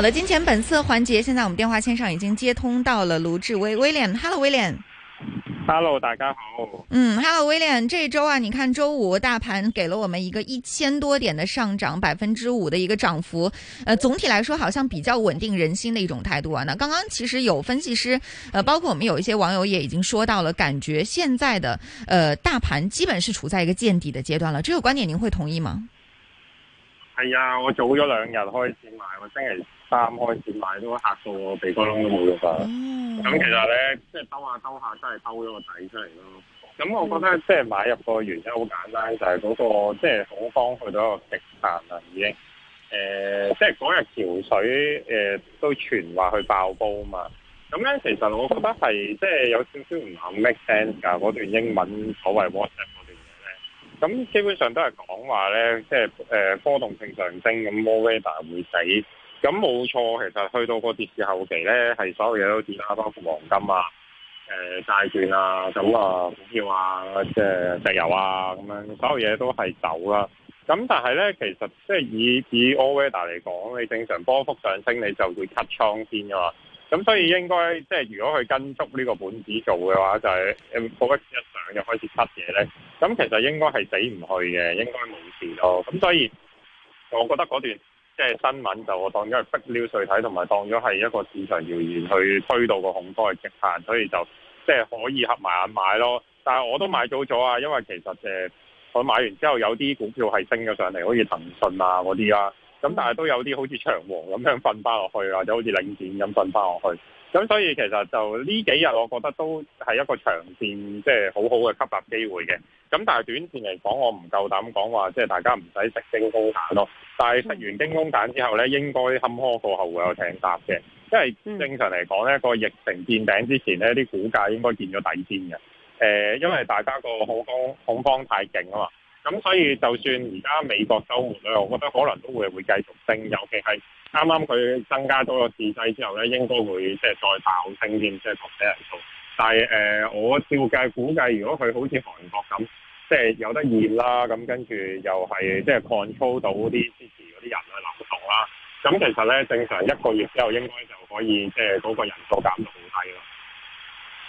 好的，金錢本色環節，現在我們電話線上已經接通到了盧志威 （William）。Hello，William。Hello，大家好。嗯，Hello，William。Hello, 這一週啊，你看周五大盤給了我們一個一千多點的上漲，百分之五的一個漲幅。呃，總體來說好像比較穩定人心的一種態度啊。那剛剛其實有分析師，呃，包括我們有一些網友也已經說到了，感覺現在的呃大盤基本是處在一個見底的階段了。這個觀點您會同意嗎？係啊、哎，我早咗兩日開始買，我真係。三開始買都嚇到我鼻哥窿都冇用曬，咁其實咧即係兜下兜下，真係兜咗個底出嚟咯。咁我覺得即係、就是、買入個原因好簡單，就係、是、嗰、那個即係恐慌去到一個極限啦，已經。誒、呃，即係嗰日橋水誒、呃、都傳話去爆煲啊嘛。咁咧其實我覺得係即係有少少唔肯 make sense 㗎嗰段英文所謂 WhatsApp 嗰段嘢咧。咁基本上都係講話咧，即係誒波動性上升，咁 Volga 會使。咁冇錯，其實去到個跌市後期咧，係所有嘢都跌啦，包括黃金啊、誒、呃、債券啊、咁啊股票啊、即、呃、係石油啊咁樣啊，所有嘢都係走啦。咁但係咧，其實即係以以 All Weather 嚟講，你正常波幅上升，你就會 cut 倉先嘅嘛。咁所以應該即係如果去跟足呢個本子做嘅話，就係誒波幅一上就開始 cut 嘢咧。咁其實應該係死唔去嘅，應該冇事咯。咁所以，我覺得嗰段。即係新聞就我當咗係不料碎體，同埋當咗係一個市場謠言去推到個恐慌嘅極限，所以就即係可以合埋眼買咯。但係我都買早咗啊，因為其實誒，我買完之後有啲股票係升咗上嚟，好似騰訊啊嗰啲啊，咁但係都有啲好似長和咁樣瞓翻落去啊，或者好似領展咁瞓翻落去。咁所以其實就呢幾日，我覺得都係一個長線即係、就是、好好嘅吸納機會嘅。咁但係短線嚟講，我唔夠膽講話即係大家唔使食精工蛋咯。但係食完精工蛋之後呢，應該坎坷過後會有艇搭嘅，因為正常嚟講呢個疫情見頂之前呢啲股價應該見咗底先嘅。誒、呃，因為大家個恐慌恐慌太勁啊嘛。咁所以就算而家美國周末咧，我覺得可能都會會繼續升，尤其係啱啱佢增加咗個制制之後咧，應該會即係再爆升添，即係同啲人做。但係誒、呃，我照計估計，如果佢好似韓國咁，即係有得熱啦，咁跟住又係即係 control 到啲支持嗰啲人去流動啦，咁其實咧正常一個月之後應該就可以即係嗰個人數減到好低啦。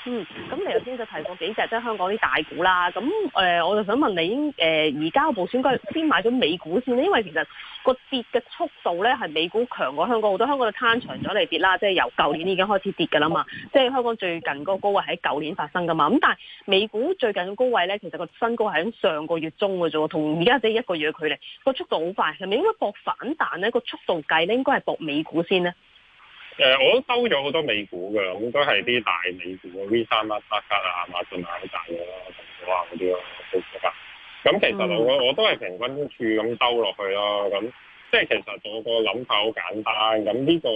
嗯，咁你頭先就提過幾隻，即係香港啲大股啦，咁誒、呃，我就想問你，誒、呃，而家嗰部先該先買咗美股先，因為其實個跌嘅速度咧，係美股強過香港好多，香港就攤長咗嚟跌啦，即係由舊年已經開始跌噶啦嘛，即係香港最近嗰高位喺舊年發生噶嘛，咁但係美股最近嘅高位咧，其實個新高係喺上個月中嘅啫，同而家只一個月嘅距離，個速度好快，係咪應該搏反彈咧？個速度計咧，應該係搏美股先咧？誒，我都收咗好多美股㗎，應該係啲大美股啊，V 三啊、特斯拉啊、亞馬遜啊好大嘢咯，同股啊嗰啲咯，好少㗎。咁其實我我都係平均處咁收落去咯。咁即係其實我個諗法好簡單。咁呢個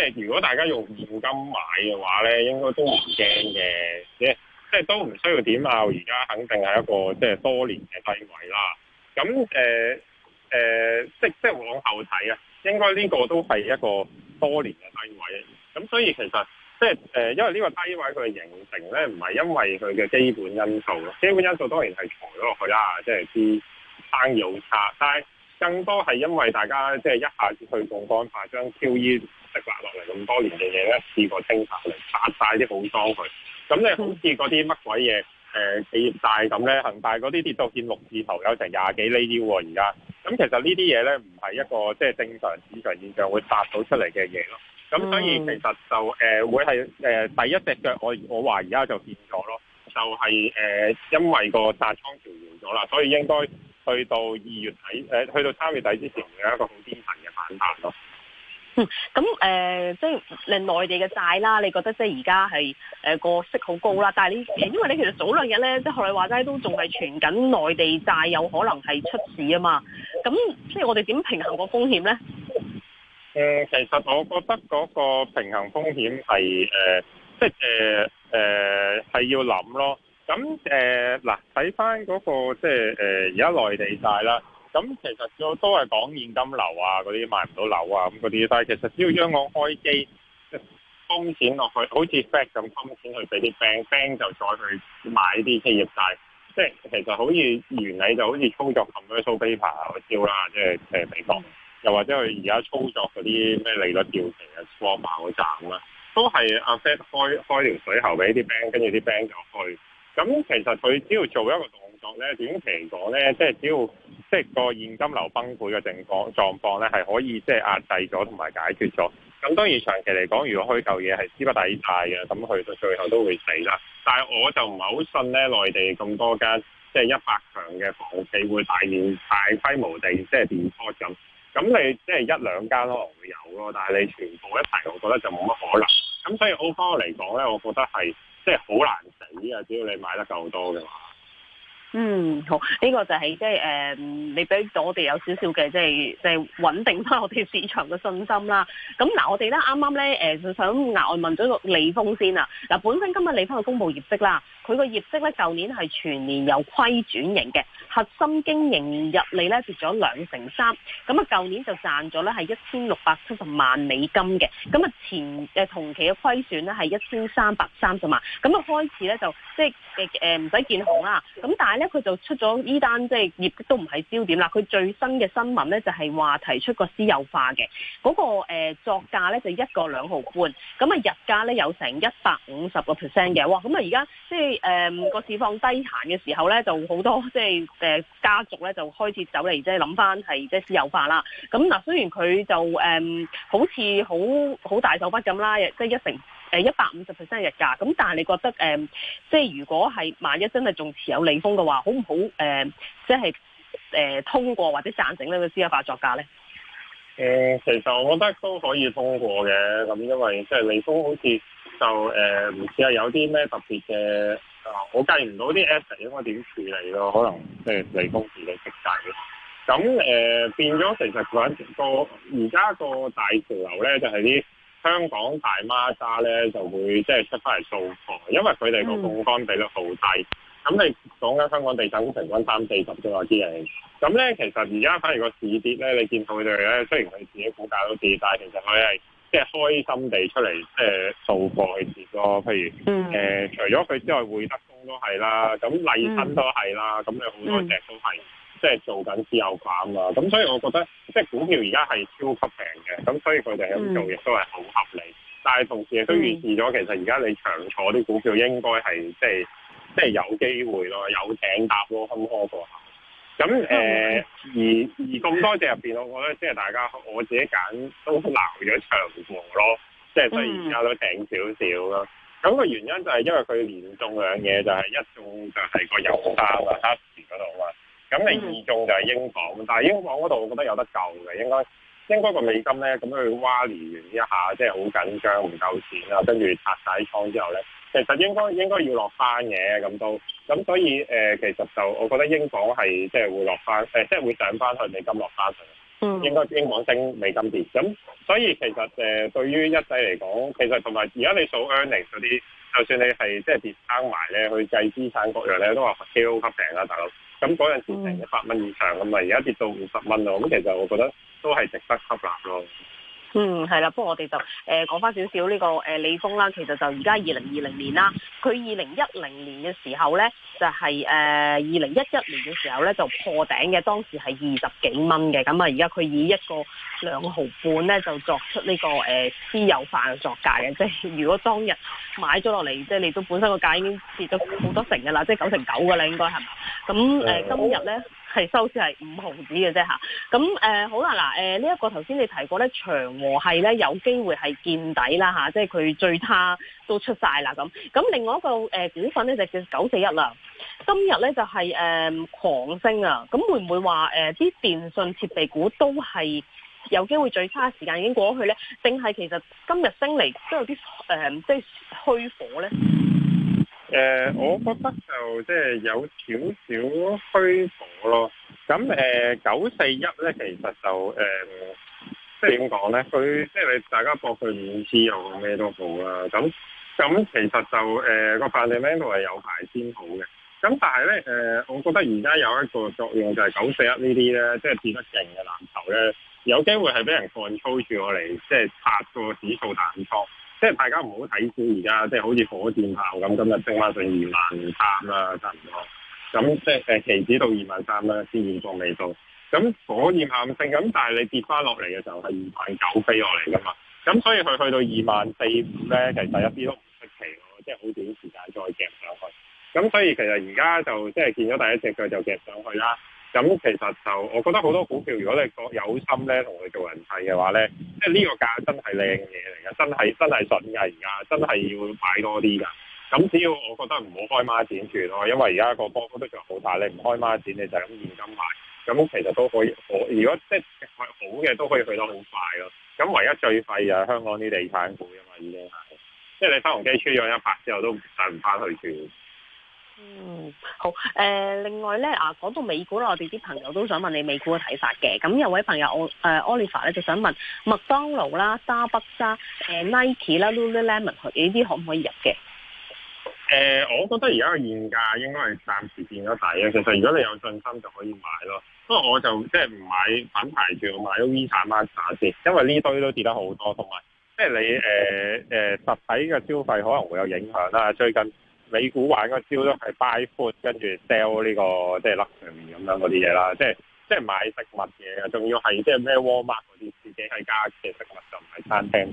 即係如果大家用現金買嘅話咧，應該都唔驚嘅。即即係都唔需要點拗。而家肯定係一個即係多年嘅低位啦。咁誒誒，即即係往後睇啊，應該呢個都係一個多年嘅低位，咁所以其實即係誒，因為呢個低位佢嘅形成咧，唔係因為佢嘅基本因素咯，基本因素當然係除咗落去啦，啊，即係啲生意好差，但係更多係因為大家即係一下子去凍幹曬將 QE 積壓落嚟咁多年嘅嘢咧，試過清炒嚟殺晒啲好莊佢。咁你好似嗰啲乜鬼嘢誒企業債咁咧，恒大嗰啲跌到見六字頭，有成廿幾厘呢啲喎，而家。咁、嗯、其實呢啲嘢呢，唔係一個即係正常市場現象會發到出嚟嘅嘢咯。咁所以其實就誒、呃、會係誒、呃、第一隻腳我，我我話而家就變咗咯，就係、是、誒、呃、因為個殺倉調緩咗啦，所以應該去到二月底誒、呃，去到三月底之前會有一個好堅強嘅反彈咯。咁誒、嗯呃，即係令內地嘅債啦，你覺得即係而家係誒個息好高啦，但係你因為你其實早兩日咧，即係學你話齋都仲係傳緊內地債有可能係出事啊嘛，咁即係我哋點平衡個風險咧？誒、嗯，其實我覺得嗰個平衡風險係誒、呃，即係誒誒係要諗咯。咁誒嗱，睇翻嗰個即係誒而家內地債啦。咁其實個都係講現金流啊，嗰啲買唔到樓啊，咁嗰啲，但係其實只要央行開機，封錢落去，好似 Fed 咁封錢去俾啲 bank，bank 就再去買啲企業債，即係其實好似原理就好似操作咁多 m m e r paper 嗰招啦，即係誒美國，又或者佢而家操作嗰啲咩利率調節嘅貨幣站啦，都係阿 Fed 開條水喉俾啲 bank，跟住啲 bank 就去，咁其實佢只要做一個。咧短期嚟講咧，即係只要即係個現金流崩潰嘅情況狀況咧，係可以即係壓制咗同埋解決咗。咁當然長期嚟講，如果開舊嘢係資不抵債嘅，咁佢到最後都會死啦。但係我就唔係好信咧，內地咁多間即係一百強嘅房企會大面大規模地即係跌波咁。咁、就是、你即係一兩間可能會有咯，但係你全部一齊，我覺得就冇乜可能。咁所以 o 方嚟講咧，我覺得係即係好難死啊！只要你買得夠多嘅話。嗯，好，呢、這個就係即係誒，你俾咗我哋有少少嘅即係即係穩定翻我哋市場嘅信心啦。咁嗱，我哋咧啱啱咧就想額外問咗個利豐先啊。嗱、呃，本身今日利豐嘅公佈業績啦。佢個業績咧，舊年係全年由虧轉盈嘅，核心經營溢利咧跌咗兩成三，咁啊舊年就賺咗咧係一千六百七十萬美金嘅，咁啊前誒同期嘅虧損咧係一千三百三十萬，咁啊開始咧就即係誒誒唔使見紅啦，咁、呃、但係咧佢就出咗呢單即係業績都唔係焦點啦，佢最新嘅新聞咧就係話提出個私有化嘅嗰、那個、呃、作價咧就一個兩毫半，咁啊溢價咧有成一百五十個 percent 嘅，咁啊而家即係。誒，個、嗯、市況低閒嘅時候咧，就好多即係誒、呃、家族咧，就開始走嚟即係諗翻係即係私有化啦。咁、嗯、嗱，雖然佢就誒、嗯，好似好好大手筆咁啦，即係一成誒一百五十 percent 日價。咁但係你覺得誒、嗯，即係如果係萬一真係仲持有利豐嘅話，好唔好誒，即係誒、呃、通過或者贊成呢個私有化作價咧？誒、嗯，其實我覺得都可以通過嘅，咁因為即係利豐好似。就誒唔似係有啲咩特別嘅啊、呃，我計唔到啲 asset 應該點處理咯，可能公、呃就是、即係離供自力息計咯。咁誒變咗，其實個而家個大潮流咧，就係啲香港大孖沙咧就會即係出翻嚟掃貨，因為佢哋個槓桿比率好低。咁你講緊香港地產股平均三四十啫，外啲人咁咧，其實而家反而個市跌咧，你見到佢哋咧，雖然佢自己股價都跌，但係其實佢係。即係開心地出嚟，即係掃貨嘅事咯。譬如誒、嗯呃，除咗佢之外，會德豐都係啦，咁麗新都係啦，咁你好多隻都係即係做緊私有化啊嘛。咁所以我覺得即係股票而家係超級平嘅，咁所以佢哋喺度做亦都係好合理。嗯、但係同時亦都預示咗，其實而家你長坐啲股票應該係即係即係有機會咯，有頂搭咯，坎坷過。咁誒、呃，而而咁多隻入邊，我覺得即係大家我自己揀都撈咗長和咯，即係所以而家都頂少少咯。咁、那個原因就係因為佢連中兩嘢，就係、是、一中就係個油砂啊，黑市嗰度啊。咁你二中就係英鎊，但係英鎊嗰度我覺得有得救嘅，應該應該個美金咧，咁去挖離完一下，即係好緊張，唔夠錢啦，跟住拆曬倉之後咧。其實應該應該要落翻嘅咁都，咁所以誒、呃、其實就我覺得英鎊係即係會落翻，誒、呃、即係會上翻去美金落翻去，嗯、應該英鎊升美金跌。咁所以其實誒、呃、對於一季嚟講，其實同埋而家你數 earnings 嗰啲，就算你係即係跌翻埋咧，去計資產各樣咧，都話超級平啊，大佬。咁嗰陣時跌成一百蚊以上噶嘛，而家跌到五十蚊咯，咁其實我覺得都係值得吸納咯。嗯，係啦，不過我哋就誒講返少少呢個誒、呃、利豐啦，其實就而家二零二零年啦，佢二零一零年嘅時候咧，就係誒二零一一年嘅時候咧就破頂嘅，當時係二十幾蚊嘅，咁啊而家佢以一個兩毫半咧就作出呢、這個誒、呃、私有化作價嘅，即係如果當日買咗落嚟，即係你都本身個價已經跌咗好多成嘅啦，即係九成九嘅啦，應該係嘛？咁、嗯、誒、呃嗯、今日咧。係收市係五毫子嘅啫嚇，咁、啊、誒、嗯、好啦，嗱誒，呢一個頭先你提過咧，長和係咧有機會係見底啦嚇、啊，即係佢最差都出晒啦咁，咁、啊嗯、另外一個誒股份咧就叫九四一啦，今日咧就係、是、誒、呃、狂升啊，咁、嗯、會唔會話誒啲電信設備股都係有機會最差時間已經過咗去咧，定係其實今日升嚟都有啲誒即係虛火咧？誒、呃，我覺得就即係有少少虛火咯。咁誒，九四一咧，其實就誒、呃，即係點講咧？佢即係你大家駁佢五次又咩都好啦、啊。咁咁其實就誒，個反應 level 係有排先好嘅。咁但係咧，誒、呃，我覺得而家有一個作用就係九四一呢啲咧，即係跌得勁嘅藍籌咧，有機會係俾人放粗住我嚟，即係拍個指數彈倉。即係大家唔好睇少，而家，即係好似火箭炮咁，今日升翻上二萬三啦、啊，差唔多。咁即係誒、呃，期指到二萬三咧、啊，先現狀未到。咁火箭炮升，咁但係你跌翻落嚟嘅時候係二萬九飛落嚟噶嘛？咁所以佢去到二萬四五咧，其實一啲都唔出奇咯，即係好短時間再夾上去。咁所以其實而家就即係見咗第一隻腳就夾上去啦。咁、嗯、其實就我覺得好多股票，如果你個有心咧同佢做人梯嘅話咧，即係呢個價真係靚嘢嚟噶，真係真係順㗎而家，真係要擺多啲㗎。咁、嗯、只要我覺得唔好開孖展住咯，因為而家個波幅都仲好大，你唔開孖展你就咁現金買，咁、嗯、其實都可以可。如果即係好嘅都可以去得好快咯。咁、嗯、唯一最廢就係香港啲地產股因為，已經係即係你收紅機出咗一百之後都使唔翻去住。嗯，好。誒、呃，另外咧啊，講到美股啦，我哋啲朋友都想問你美股嘅睇法嘅。咁有位朋友我誒、哦呃、Oliver 咧就想問麥當勞啦、Starbucks、誒、呃、Nike 啦、Lululemon，佢呢啲可唔可以入嘅？誒、呃，我覺得而家現價應該係暫時變咗底啊。其實如果你有信心就可以買咯。不過我就即係唔買品牌，就買 Visa、Master 先。因為呢堆都跌得好多，同埋即係你誒誒、呃呃、實體嘅消費可能會有影響啦。最近。美股玩個招都係 buy food 跟住 sell 呢個即係甩上面咁樣嗰啲嘢啦，即係即係買食物嘅，仲要係即係咩 Walmart 嗰啲，自己喺家嘅食物就唔係餐廳。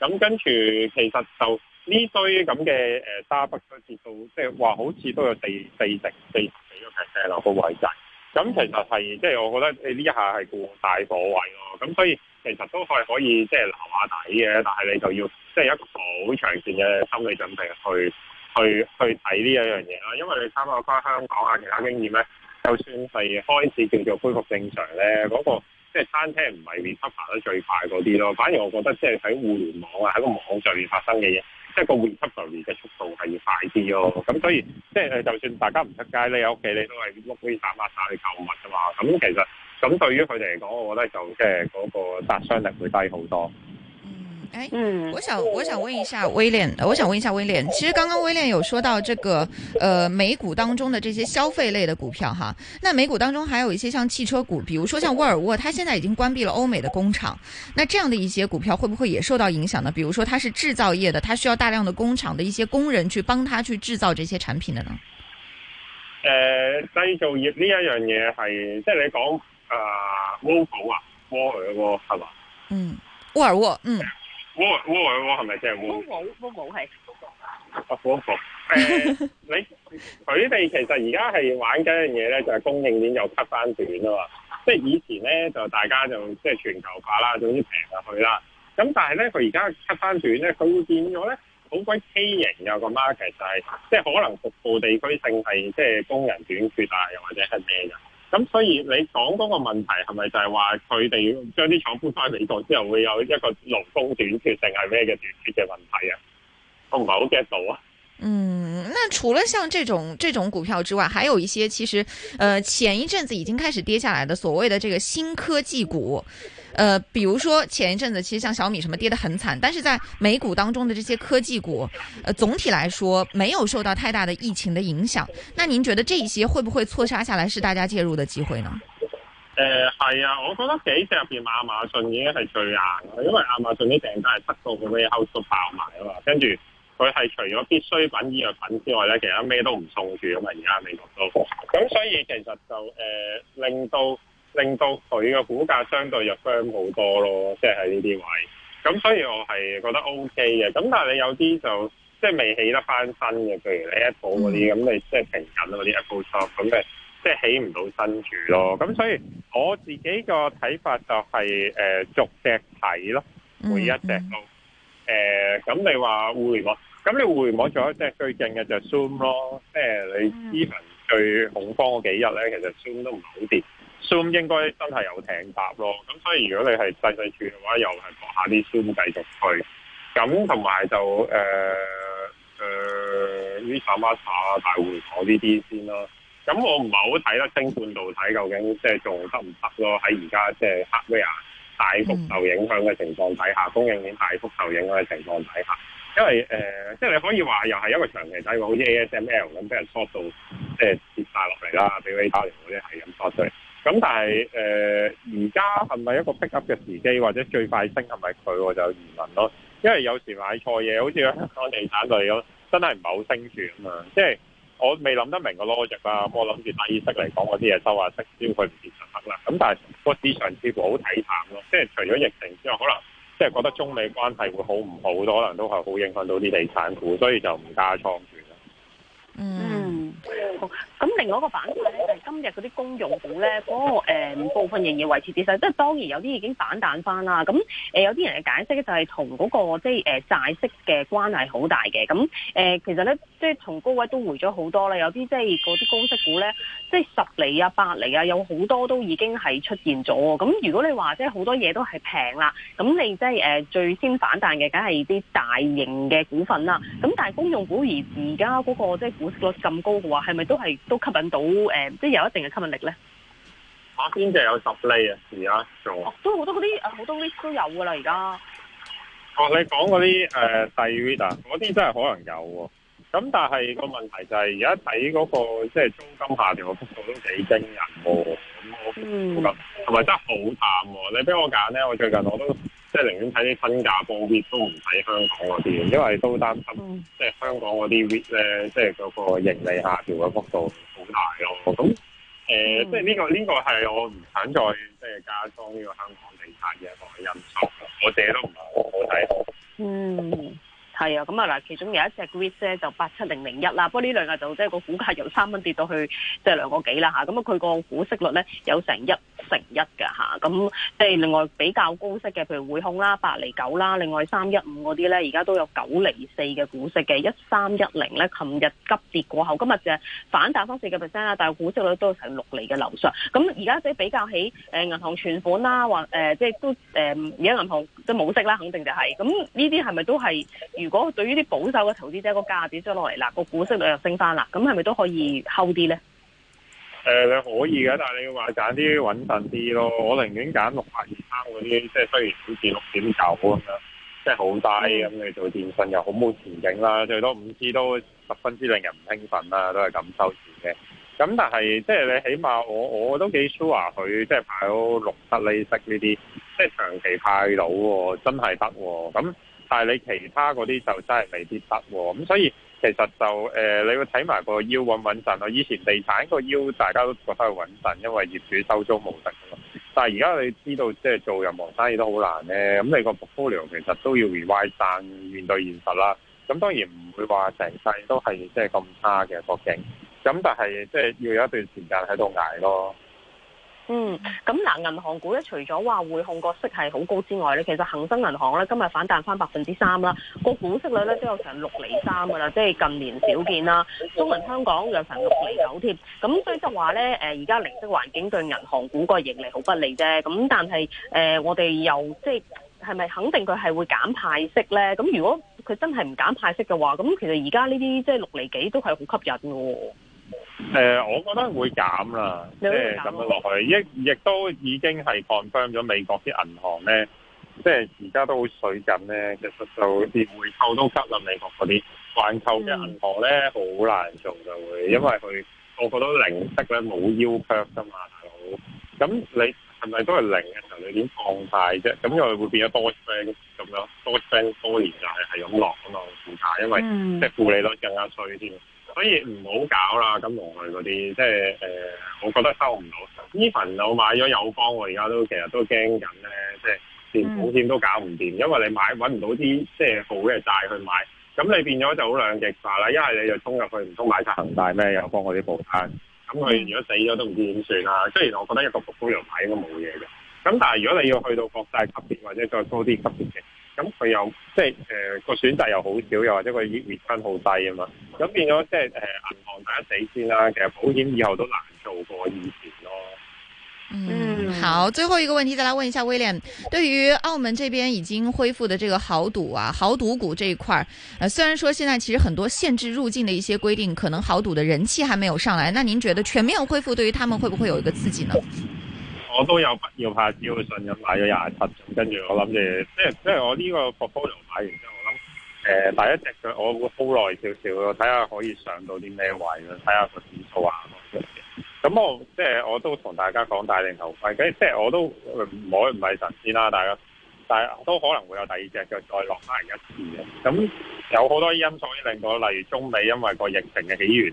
咁跟住其實就呢堆咁嘅誒沙筆都跌到，即係話好似都有四四成四成幾嘅嘅落鋪位曬。咁其實係即係我覺得誒呢一下係過大火位咯。咁所以其實都係可以,可以即係留下底嘅，但係你就要即係一個好長線嘅心理準備去。去去睇呢一樣嘢啦，因為你參考翻香港下其他經驗咧，就算係開始叫做恢復正常咧，嗰、那個即係、就是、餐廳唔係 recover 得最快嗰啲咯，反而我覺得即係喺互聯網啊，喺個網上面發生嘅嘢，即係個 recover、是、嘅速度係要快啲咯。咁所以即係、就是、就算大家唔出街咧，喺屋企你都係碌嗰啲打發散去購物啊嘛。咁其實咁對於佢哋嚟講，我覺得就即係嗰個殺傷力會低好多。嗯，我想我想問一下 w i 我想問一下 w i 其實剛剛 w i 有說到這個，誒、呃，美股當中的這些消費類的股票哈，那美股當中還有一些像汽車股，比如說像沃爾沃，它現在已經關閉了歐美的工廠，那這樣的一些股票會不會也受到影響呢？比如說它是製造業的，它需要大量的工廠的一些工人去幫它去製造這些產品的呢？誒、呃，製造業呢一樣嘢係，即係你講誒，沃爾沃，沃爾沃係嘛？嗯，沃爾沃，嗯。窩窩係咪即係？窩窩窩窩係。啊，火鍋誒，你佢哋其實而家係玩緊樣嘢咧，就係、是、供應鏈又 cut 翻短啦。即係以前咧就大家就即係全球化啦，總之平落去啦。咁但係咧佢而家 cut 翻短咧，佢會變咗咧好鬼畸形啊。個 m 其 r k 係即係可能局部地區性係即係工人短缺啊，又或者係咩人。咁所以你講嗰個問題係咪就係話佢哋將啲廠搬翻美國之後會有一個勞工短缺定係咩嘅短缺嘅問題啊？我唔係好 get 到啊。嗯，那除了像這種這種股票之外，還有一些其實，呃，前一陣子已經開始跌下來的所謂嘅這個新科技股。誒、呃，比如說前一陣子，其實像小米什麼跌得很慘，但是在美股當中的這些科技股，誒、呃，總體來說沒有受到太大的疫情的影響。那您覺得這一些會不會錯殺下來，是大家介入的機會呢？誒係、呃、啊，我覺得幾隻入面亞馬遜已經係最硬嘅，因為亞馬遜啲訂單係七個 percent output 爆埋啊嘛，跟住佢係除咗必需品、醫藥品之外咧，其他咩都唔送住咁啊而家美國都，咁所以其實就誒、呃、令到。令到佢嘅股價相對入 firm 好多咯，即係喺呢啲位。咁所以我係覺得 OK 嘅。咁但係你有啲就即係未起得翻身嘅，譬如 Apple 嗰啲，咁、mm hmm. 你即係停緊嗰啲 Apple Shop，咁咪即係起唔到身住咯。咁所以我自己個睇法就係、是、誒、呃、逐隻睇咯，每一隻都誒。咁、mm hmm. 呃、你話互聯網，咁你互聯網仲有一隻最勁嘅就 Zoom 咯，即係你之前最恐慌嗰幾日咧，其實 Zoom 都唔好跌。Zoom 應該真係有艇搭咯，咁所以如果你係細細串嘅話，又係博下啲 Zoom 繼續去。咁同埋就誒誒 Visa Master 啊大回購呢啲先咯。咁我唔係好睇得清半導體究竟即係仲得唔得咯。喺而家即係 hardware 大幅受影響嘅情況底下，供應鏈大幅受影響嘅情況底下，因為誒、呃、即係你可以話又係因為長期睇好，好似 ASML 咁俾人 short 到即係跌晒落嚟啦，俾佢打完嗰啲係咁 short 出嚟。咁、嗯、但係誒，而家係咪一個 pick up 嘅時機，或者最快升係咪佢，我就疑問咯。因為有時買錯嘢，好似香港地產類咁，真係唔係好升住啊嘛。即、就、係、是、我未諗得明個 logic 啦、啊嗯。我諗住低息嚟講，我啲嘢收下息，只要佢唔跌就得啦。咁但係、個市場似乎好睇淡咯。即、就、係、是、除咗疫情之外，可能即係、就是、覺得中美關係會好唔好，都可能都係好影響到啲地產股，所以就唔加倉住啦。嗯。咁另外一個板塊咧，就係、是、今日嗰啲公用股咧，嗰個、呃、部分仍然維持跌勢，即係當然有啲已經反彈翻啦。咁誒、呃、有啲人嘅解釋就係同嗰個即係誒、呃、債息嘅關係好大嘅。咁誒、呃、其實咧，即係從高位都回咗好多啦。有啲即係嗰啲高息股咧，即係十厘啊、八厘啊，有好多都已經係出現咗。咁如果你話即係好多嘢都係平啦，咁你即係誒、呃、最先反彈嘅，梗係啲大型嘅股份啦。咁但係公用股而而家嗰個即係股息率咁高。話係咪都係都吸引到誒、呃，即係有一定嘅吸引力咧？嚇，邊隻有十釐啊？而家做哦，都好多嗰啲，好多啲都有噶啦，而家。哦，你講嗰啲誒細 r e a d e 啲真係可能有喎、哦。咁但係個問題就係而家睇嗰個即係租金下跌嘅幅度都幾驚人喎、哦。咁我最近同埋真係好淡喎、哦。你俾我揀咧，我最近我都。即係寧願睇啲新加坡 REIT 都唔睇香港嗰啲，因為都擔心、嗯、即係香港嗰啲 REIT 咧，即係個盈利下調嘅幅度好大咯。咁誒、呃嗯，即係呢個呢個係我唔想再即係加裝呢個香港政策嘅一個因素，我自己都唔係好睇好，嗯，係啊。咁啊嗱，其中有一隻 REIT 咧就八七零零一啦。不過呢兩日就即係、就是、個股價由三蚊跌到去即係兩個幾啦吓。咁啊，佢、嗯、個股息率咧有成一。成一嘅嚇，咁即係另外比較高息嘅，譬如匯控啦、八厘九啦，另外三一五嗰啲咧，而家都有九厘四嘅股息嘅，一三一零咧，琴日急跌過後，今日就反彈翻四個 percent 啦，但係股息率都成六厘嘅樓上，咁而家即係比較起誒、呃、銀行存款啦，或誒即係都誒而家銀行即係冇息啦。肯定就係咁呢啲係咪都係？如果對於啲保守嘅投資者錢出，個價跌咗落嚟啦，個股息率又升翻啦，咁係咪都可以睺啲咧？誒，你、呃、可以噶，但係你要話揀啲穩陣啲咯。嗯、我寧願揀六八二三嗰啲，即係雖然好似六點九咁樣，即係好低咁你做電信又好冇前景啦。最多五 G 都十分之令人唔興奮啦，都係咁收錢嘅。咁但係即係你起碼我我都幾 sure 佢即係派到六七厘息呢啲，即係長期派到、哦，真係得、哦。咁但係你其他嗰啲就真係未必得、哦。咁所以。其實就誒、呃，你要睇埋個腰穩唔穩陣咯。以前地產個腰大家都覺得係穩陣，因為業主收租冇得㗎嘛。但係而家你知道，即、就、係、是、做任何生意都好難咧。咁、嗯、你個鋪量其實都要維穩，但面對現實啦。咁、嗯、當然唔會話成世都係即係咁差嘅前景。咁、嗯、但係即係要有一段時間喺度捱咯。嗯，咁嗱，銀行股咧，除咗話匯控個息係好高之外咧，其實恒生銀行咧今日反彈翻百分之三啦，個股息率咧都有成六厘三噶啦，即係近年少見啦。中銀香港有成六厘九添。咁所以就話咧，誒而家零息環境對銀行股個盈利好不利啫。咁但係誒、呃，我哋又即係係咪肯定佢係會減派息咧？咁如果佢真係唔減派息嘅話，咁其實而家呢啲即係六厘幾都係好吸引嘅、哦。誒、呃，我覺得會減啦，即係咁樣落去，亦亦都已經係 confirm 咗美國啲銀行咧，即係而家都好水緊咧。其實就連匯扣都急啦，美國嗰啲慢扣嘅銀行咧，好難做就會，因為佢、嗯、我個得零息咧冇腰 c u 噶嘛，是是是大佬。咁你係咪都係零嘅時候你點放貸啫？咁又會變咗多升咁樣，多升多年就係係咁落咁樣跌價，因為即係負利率更加衰添。嗯所以唔好搞啦，金融佢嗰啲，即係誒、呃，我覺得收唔到。呢份我買咗友邦我而家都其實都驚緊咧，即係連保險都搞唔掂，因為你買揾唔到啲即係好嘅債去買，咁你變咗就好兩極化啦。一係你就衝入去唔通買晒恒大咩？友邦我啲保單，咁佢如果死咗都唔知點算啦。雖然我覺得一個普通遊牌應該冇嘢嘅，咁但係如果你要去到國際級別或者再高啲級別嘅。咁佢又即係誒個選擇又好少，又或者個月息好低啊嘛，咁變咗即係誒銀行第一死先啦。其實保險以後都難做過以前咯。嗯，好，最後一個問題，再來問一下 William，對於澳門這邊已經恢復的這個豪賭啊豪賭股這一塊，誒、啊、雖然說現在其實很多限制入境的一些規定，可能豪賭的人氣還沒有上來，那您覺得全面恢復對於他們會不會有一個刺激呢？我都有不要怕，只要信任買咗廿七種，跟住我諗住，即係即係我呢個 portfolio 買完之後，我諗誒第一隻腳我會好耐少少咯，睇下可以上到啲咩位咯，睇下個指數啊。咁我即係我都同大家講戴定頭盔，即係即係我都唔可以唔係神仙啦，大家。但係都可能會有第二隻腳，就再落埋一次嘅。咁有好多因素令到，例如中美因為個疫情嘅起源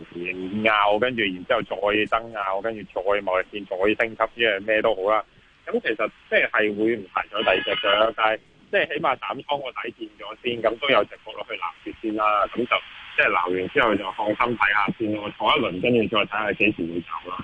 而拗，跟住然之後，後再爭拗，跟住再冇嘅線再升級，因為咩都好啦。咁其實即係係會唔排除第二隻腳嘅，但係即係起碼斬倉個底線咗先。咁都有食落去鬧跌先啦。咁就即係鬧完之後就放心睇下先。我坐一輪，跟住再睇下幾時會走啦。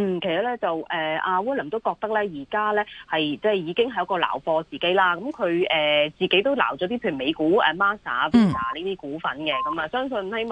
嗯，其實咧就誒、呃、阿 w i l 威廉都覺得咧，而家咧係即係已經係一個撈貨自己啦。咁佢誒自己都撈咗啲，譬如美股誒 m a s a 啊 m a r t a 呢啲股份嘅，咁、嗯、啊、嗯嗯，相信希望。